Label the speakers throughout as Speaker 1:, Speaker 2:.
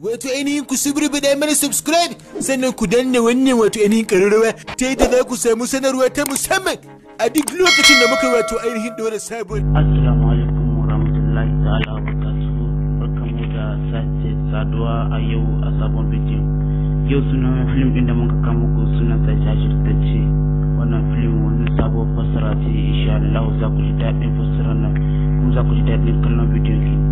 Speaker 1: wato ainihin ku da mana subscribe sannan ku danna wannan wato ainihin ƙararrawa ta yadda za ku samu sanarwa ta musamman a duk lokacin da muka wato ainihin ɗora sabon. Assalamu alaikum wa rahmatullahi ta'ala wa barakatuhu barkamu da sace saduwa a yau a sabon bidiyo. Yau suna film ɗin da muka kama ku sunan ta ce wannan film wani sabon fassara ce insha Allah za ku ji daɗin fassarar nan kuma za ku ji daɗin kallon bidiyon ki.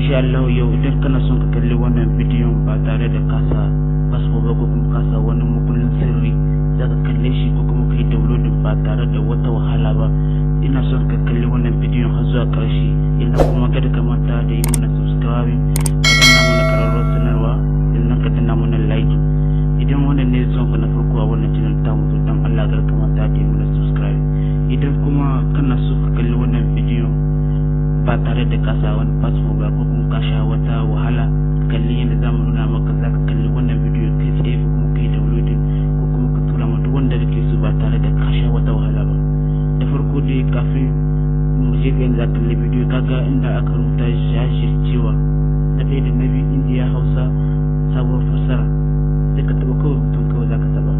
Speaker 1: insha Allah yau idan kana son ka kalli wannan bidiyon ba tare da kasa fasfo ba ko kuma kasa wani mukullin sirri za ka kalle shi ko kuma kai downloading ba tare da wata wahala ba ina son ka kalli wannan bidiyon har zuwa karshe ina kuma kada ka manta da yi mana subscribing ka danna mana kararrawar sanarwa sannan ka danna mana like idan wannan ne son ka na farko a wannan channel ta mutu dan Allah kar ka manta da yi mana subscribe idan kuma kana son ka kalli wannan bidiyon ba tare da kasa wani fasfo ba ko kuma kasha wata wahala kalli yadda za mu nuna maka za ka kalli wannan bidiyo kai tsaye ko kuma ka yi downloading ko kuma ka tura ma duk wanda kake so ba tare da kasha wata wahala ba da farko dai kafin mu je ga inda za kalli bidiyo kaga inda aka rubuta shi cewa na ɗaya da na biyu indiya hausa sabuwar fassara sai ka taɓa kawai mutum kawai za ka taɓa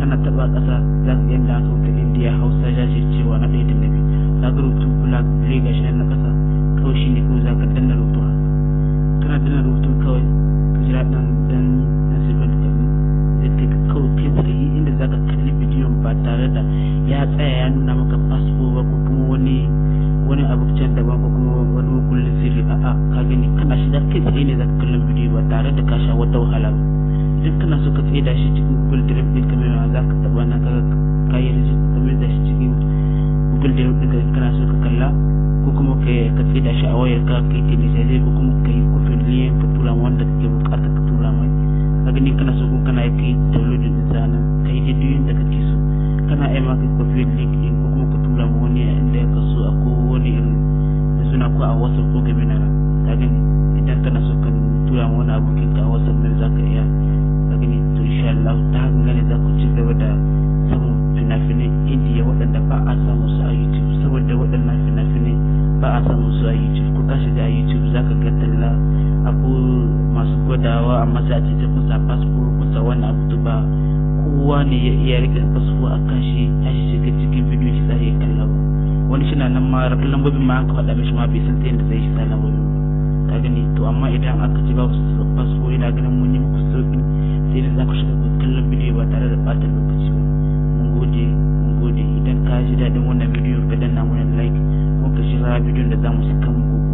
Speaker 1: kana taɓa ƙasa za ka yadda aka rubuta indiya hausa cewa na ɗaya da na biyu za ka rubuta kula da ga shi na ƙasa kai tsaye ne za ka kallon bidiyo ba tare da ka sha wata wahala ba duk kana so ka da shi cikin google drive ka mai za ka taɓa nan kaga ka yi da shi cikin google drive ka kana so ka kalla ko kuma ka da shi a wayar ka kai telesale ko kuma ka yi kofin liyan ka tura wanda kake bukata ka tura mai ka gani kana so ko kana kai downloading ɗin da nan ka yi bidiyon da kake so kana aima kai kofin link ɗin ko kuma ka tura ma wani inda ya kaso a kowane irin da suna ko a wasu ko game na wani abokin ka a wasan nan za ka iya ka gani to insha Allah ta haka ne za ku ci gaba da samun fina-finai indiya waɗanda ba a samu su a youtube saboda waɗannan fina-finai ba a samu su a youtube ko ka shiga youtube za ka ga talla abu masu gwadawa amma sai a ce ta kusa fasfo kusa wani abu to ba kowa ne ya iya rike passport a kan shi ya shi shiga cikin bidiyo shi za ya kalla ba wani shi na nan ma lambobin ma an ka faɗa mishi ma bai san ta yadda zai shi sa lambobin ba ka gani to amma idan aka ci su fasfo ina ganin mun yi muku sauki sai da za ku shiga ku kallon bidiyo ba tare da ɓata lokaci ba mun gode mun gode idan ka ji daɗin wannan bidiyo ka danna mun like kuma ka shiga bidiyon da za mu saka muku